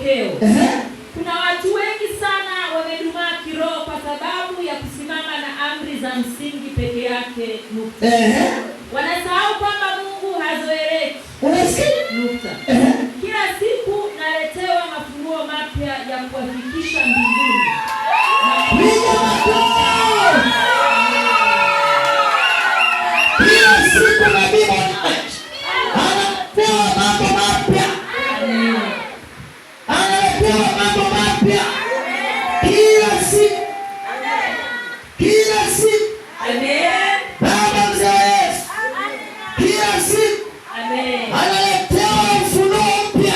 matokeo. Kuna watu wengi sana wamedumaa kiroho kwa sababu ya kusimama na amri za msingi peke yake nukta. Wanasahau kwamba Mungu hazoeleki nukta. Kila siku naletewa mafunuo mapya ya kuwafikisha mbinguni. Kila siku kila siku, kila siku. Baba mzee Yesu, kila siku analetewa ufunuo mpya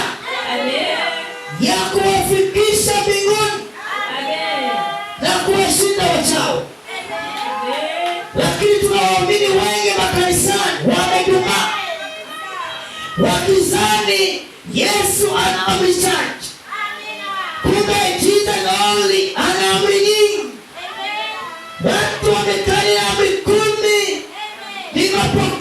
ya kuwafikisha mbinguni na kuwashinda wachao, lakini tunawaamini wengi makanisani wakizani Yesu ana amri chache wametolea mbinguni ni mapokeo